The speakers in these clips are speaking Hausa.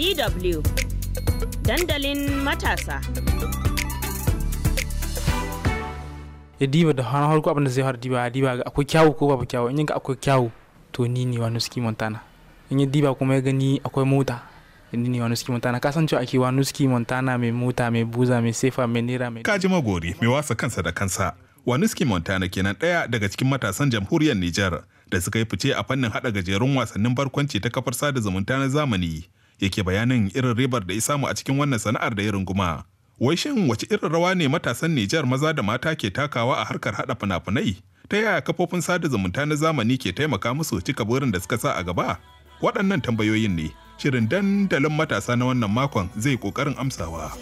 DW dandalin matasa. Ya diba da hannun harko abinda zai fara diba diba ga akwai kyawu ko babu kyawu in yanka akwai kyawu to ni ne wani ski montana in yi diba kuma ya gani akwai mota ni ne wani ski montana kasan cewa ake wani ski montana mai mota mai buza mai sefa mai nera mai kaji magori mai wasa kansa da kansa wani ski montana kenan daya daga cikin matasan jamhuriyar nijar da suka yi fice a fannin hada gajerun wasannin barkwanci ta kafar sada zumunta na zamani yake bayanin irin ribar da ya samu a cikin wannan sana'ar da ya runguma. Wai shin wace irin rawa ne matasan Nijar maza da mata ke takawa a harkar haɗa fina-finai? Ta yaya kafofin sada zumunta na zamani ke taimaka musu cika burin da suka sa a gaba? Waɗannan tambayoyin ne shirin dandalin matasa na wannan makon zai ƙoƙarin amsawa.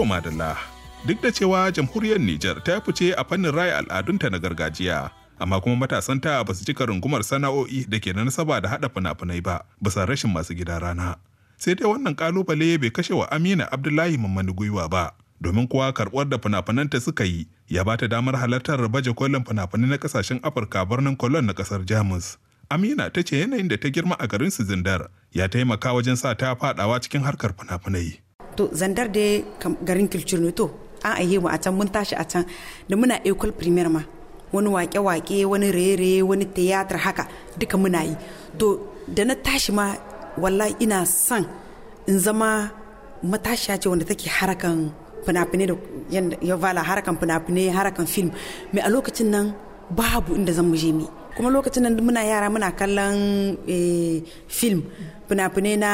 To madalla, duk da cewa jamhuriyar Nijar ta fice a fannin raya al'adunta na gargajiya, amma kuma matasanta ba su cika rungumar sana'o'i da ke da nasaba da haɗa fina-finai ba, bisa rashin masu gida rana. Sai dai wannan kalubale bai kashe wa Amina Abdullahi Mammani gwiwa ba, domin kuwa karɓar da fina-finanta suka yi ya ba ta damar halartar baje kolin fina-finai na ƙasashen Afirka birnin kolon na ƙasar Jamus. Amina ta ce yanayin da ta girma a garin Zindar ya taimaka wajen sa ta faɗawa cikin harkar fina-finai. to zandar da garin culture ne to an aihe mu a can mun tashi a can da muna ecole primaire ma wani wake-wake wani raye-raye wani tiyatar haka duka muna yi to da na tashi ma walla ina san in zama matashiya ce wanda take harakan fina-finai da ya vala harakan fina harakan film mai a lokacin nan babu inda zan mu je mi kuma lokacin nan muna yara muna kallon eh, film fina-finai na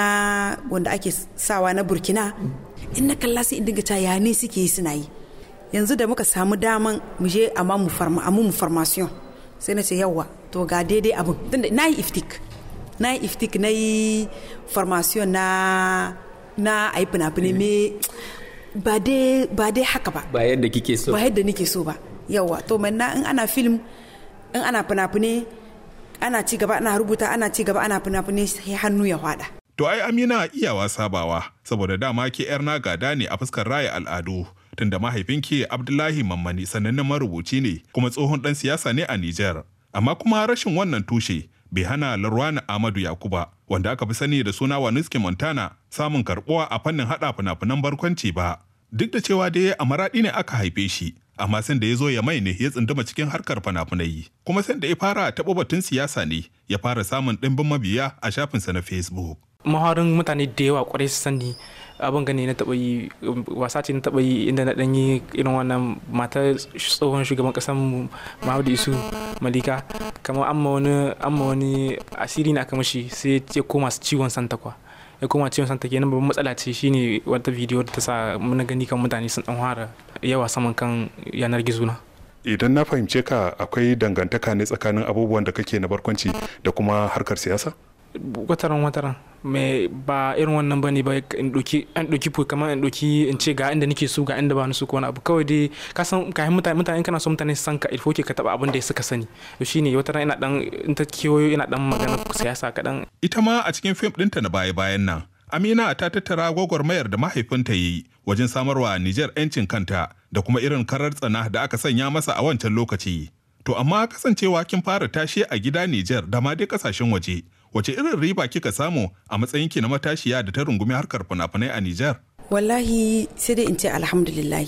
wanda ake sawa na burkina in na kalla sai dinga ta ya ne suke yi suna yi yanzu da muka samu daman mu je amma mu amma mu farmasiyon sai na ce yawa to ga daidai abin tunda na yi iftik na yi iftik na yi farmasiyon na na a yi fina-finai mm. me ba dai haka ba ba yadda kike so ba yadda nike so ba yawa to manna in ana film in ana fina-finai ana ci gaba ana rubuta ana ci gaba ana fina-finai sai hannu ya hwada. To ai Amina iyawa sabawa saboda dama ke yar na gada ne a fuskar raya al'adu tunda mahaifinki Abdullahi Mammani sanannen marubuci ne kuma tsohon dan siyasa ne a Nijar. Amma kuma rashin wannan tushe bai hana Larwana Amadu Yakuba wanda aka fi sani da suna Wanuski Montana samun karbuwa a fannin hada fina-finan barkwanci ba. Duk da cewa dai a maraɗi ne aka haife shi, amma san da ya zo ya mai ne ya tsunduma cikin harkar fanafunai kuma san da ya fara taɓa batun siyasa ne ya fara samun ɗimbin mabiya a shafinsa na facebook maharin mutane da yawa kwarai su sani abin gani na taɓa yi wasa ce na taɓa yi inda na ɗanyi irin wannan matar tsohon shugaban ƙasar mahaudu isu malika kamar amma wani asiri na aka mashi sai ya koma ciwon santakwa ya koma ciwon santa kenan babban matsala ce shine wata bidiyo da ta sa muna gani kan mutane sun dan fara yawa saman kan yanar gizo na idan na fahimce ka akwai dangantaka ne tsakanin abubuwan da kake na barkwanci da kuma harkar siyasa wataran wataran mai ba irin wannan bane ba in doki an doki fuka kamar in doki in ce ga inda nake so ga inda ba ni so abu kawai dai ka san mutane mutane kana so mutane san ka ilfoke ka taba abinda da suka sani to shine wataran ina dan in ta ina dan magana siyasa kaɗan. ita ma a cikin fim ɗinta na baya bayan nan Amina ta tattara gwagwarmayar da mahaifinta ya yi wajen samarwa Nijar 'yancin kanta da kuma irin karar tsana da aka sanya masa a wancan lokaci. To amma kasancewa kin fara tashe a gida Nijar da ma dai kasashen waje wace irin riba kika samu a matsayin ki na matashiya da ta rungumi harkar fina-finai a Nijar? Wallahi sai dai in ce alhamdulillah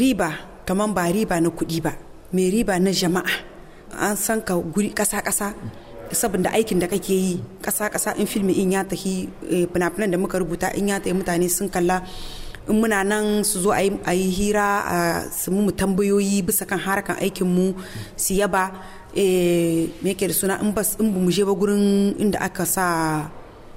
riba kamar ba riba na kuɗi ba mai riba na jama'a an san ka guri ƙasa-ƙasa saboda aikin da kake yi ƙasa-ƙasa in filmi in ya tafi eh, fina-finan da muka rubuta in ya tafi mutane sun kalla in muna nan su zo a yi hira a su mu tambayoyi bisa kan harkan aikinmu su yaba Eh, me ke da suna in ba mu je ba gurin inda aka sa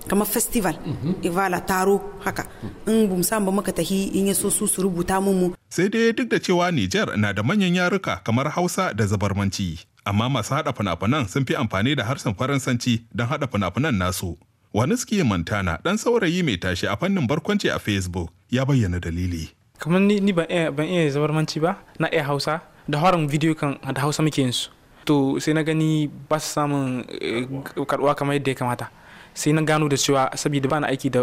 kamar festival mhm. ivala taro haka in bum samu maka tahi in ya so su su rubuta mu sai dai duk da cewa Niger na da manyan yaruka kamar Hausa da Zabarmanci amma masu hada fina-finan sun fi amfani da harshen Faransanci don hada fina-finan nasu wani suke Montana dan saurayi mai tashi a fannin barkwanci a Facebook ya bayyana dalili kamar ni ban iya zabarmanci ba na iya Hausa da horon bidiyo kan da Hausa muke yin su to sai na gani ba su samun eh, karɓuwa kamar yadda ya kamata sai na gano da cewa saboda ba na aiki da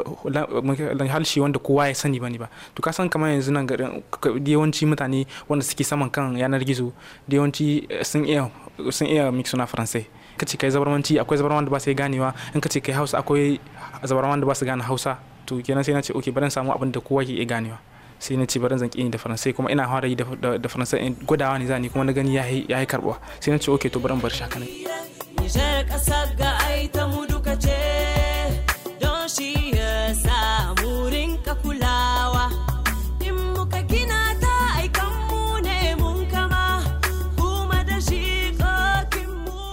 harshe wanda kowa ya sani bane ba to ka san kamar yanzu nan garin yawanci mutane wanda suke saman kan yanar gizo da yawanci eh, sun iya sun iya mix na faransai ka ce kai zabarmanci akwai zabarman da ba su ganewa in ka ce kai hausa akwai zabarman da ba su gane hausa to kenan sai na ce okay bari samu abin da kowa ke iya ganewa sai na ci barin zan da faransai kuma ina hawa yi da faransai gudawa ne zani kuma na gani ya yi karɓuwa sai na ce ok to barin bar shaka ne mu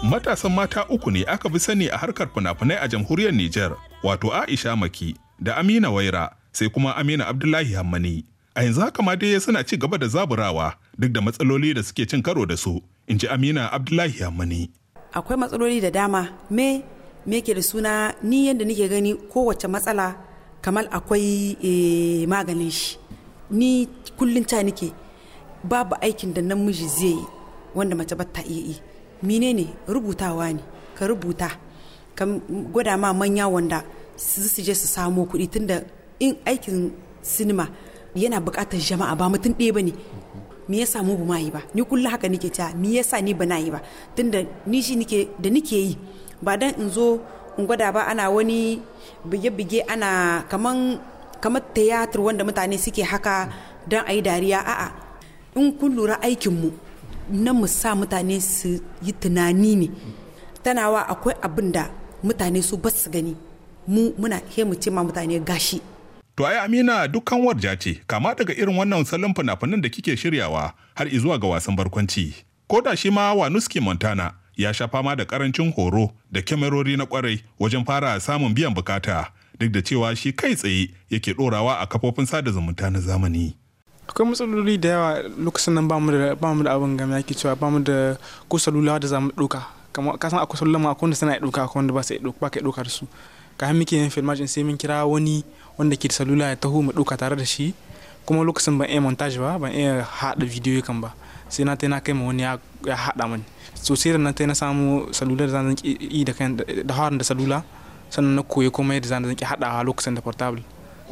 Matasan mata uku ne aka fi sani a harkar fina-finai a jamhuriyar Nijar wato Aisha Maki da Amina Waira sai kuma Amina Abdullahi Hammani. a yanzu haka ma dai suna ci gaba da zaburawa duk da matsaloli da suke cin karo da su in ji amina abdullahi amani akwai matsaloli da dama me me ke da suna ni yadda nake gani kowace matsala kamar akwai eh, maganin shi ni kullum ta nake babu aikin da namiji zai yi wanda mace ba ta iya yi ne rubutawa ne ka rubuta ka gwada ma manya wanda su je su samo kuɗi tunda in aikin sinima yana bukatar jama'a ba mutum ɗaya ba ne me yasa samu ba yi ba ni kullum haka nike ta me yasa ni bana yi ba tun da ni shi nike da nike yi ba dan in zo in gwada ba ana wani bige-bige ana kaman kamar tiyatar wanda mutane suke haka don a yi dariya a'a in kun lura aikinmu na mu sa mutane su yi tunani ne tanawa akwai abin da mutane su ba su gani mu muna mu ce ma mutane gashi To ai Amina dukkan warja ce, kama daga irin wannan salon fina-finan da kike shiryawa har izuwa ga wasan barkwanci. Ko da shi ma Wanuski Montana ya sha fama da karancin horo da kyamarori na kwarai wajen fara samun biyan bukata duk da cewa shi kai tsaye yake dorawa a kafofin sada zumunta na zamani. akwai matsaloli da yawa lokacin nan bamu da da abin game yake cewa bamu da ko salula da zamu doka kamar ka san akwai salula ma akwai wanda suna doka akwai wanda ba su doka ba ka doka da su ka hannu muke yin film sai mun kira wani wanda ke da salula ya taho mu ɗauka tare da shi kuma lokacin ban iya montage ba ban iya haɗa video kan ba sai na tai na kai ma wani ya haɗa mani so sai da na tai na samu salula da zan yi da kan da hawan da salula sannan na koyi kuma yadda zan zanki haɗawa lokacin da portable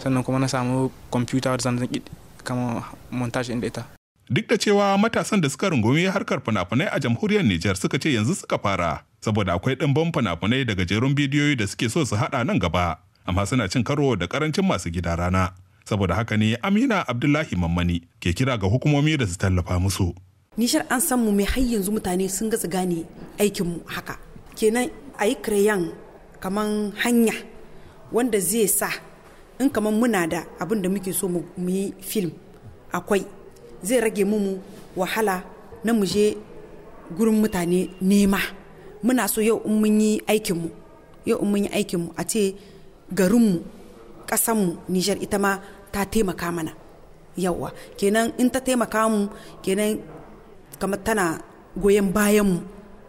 sannan kuma na samu computer da zan zanki kama montage inda ita duk da cewa matasan da suka rungumi harkar fina-finai a jamhuriyar Nijar suka ce yanzu suka fara saboda akwai ɗimbin fina-finai da gajerun bidiyoyi da suke so su haɗa nan gaba amma suna cin karo da karancin masu gida rana saboda haka ne amina abdullahi mammani ke kira ga hukumomi da su tallafa musu nishar an mu mai har yanzu mutane sun gatsa gane aikin mu haka kenan a yi kreyan kaman hanya wanda zai sa in kaman muna da abin da muke so mu yi film akwai zai rage mu wahala na mu je gurin mutane nema muna so yau in mun yi aikinmu yau in mun yi mu a ce garinmu ƙasanmu nijar ita ma ta taimaka mana yawa kenan in ta taimaka mu kenan kamar tana goyon bayanmu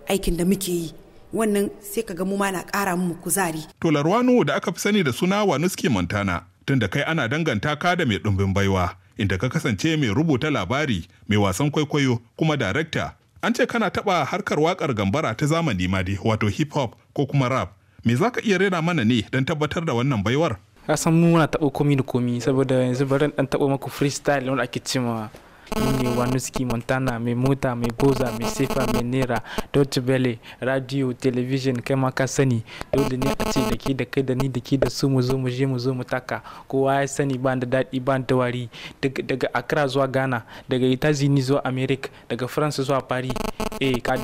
aikin da muke yi wannan sai ka ga mu ma na ƙara mu kuzari. To Larwano da aka fi sani da suna Wanuski Montana tun da kai ana danganta ka da mai ɗumbin baiwa inda ka kasance mai rubuta labari mai wasan kwaikwayo kuma darakta. An ce kana taɓa harkar waƙar gambara ta zamani ma dai wato hip hop ko kuma rap me za ka iya rera mana ne don tabbatar da wannan baiwar? ka san mu muna taɓo komi da komi saboda yanzu bari dan taɓo maku freestyle wanda ake cimawa. Mimi wanuski montana mai mota mai boza mai Valley, mai nera radio television kai ma ka sani dole ne a ce da ke da kai da ni da ke da mu zo mu taka Kuai ya sani Band, da daɗi ba da wari daga accra zuwa ghana daga itazini zuwa america daga france zuwa paris eh ka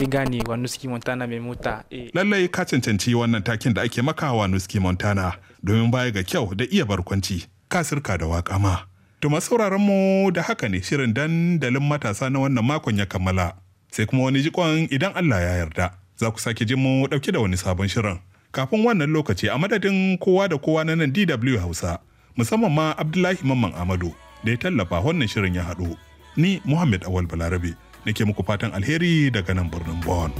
wanuski montana mai mota eh lallai ka cancanci wannan takin da ake maka wanuski montana domin baya ga kyau da iya barkwanci kasirka da wakama. Tuma sauraron mu da haka ne shirin dandalin matasa na wannan makon ya kammala. Sai kuma wani jikon idan Allah ya yarda. Za ku sake jin mu ɗauke da wani sabon shirin. Kafin wannan lokaci a madadin kowa da kowa na nan DW Hausa, musamman ma Abdullahi Mamman Amadu da ya tallafa wannan shirin ya haɗu. Ni Muhammad Awal Balarabe nake muku fatan alheri daga nan birnin Bon.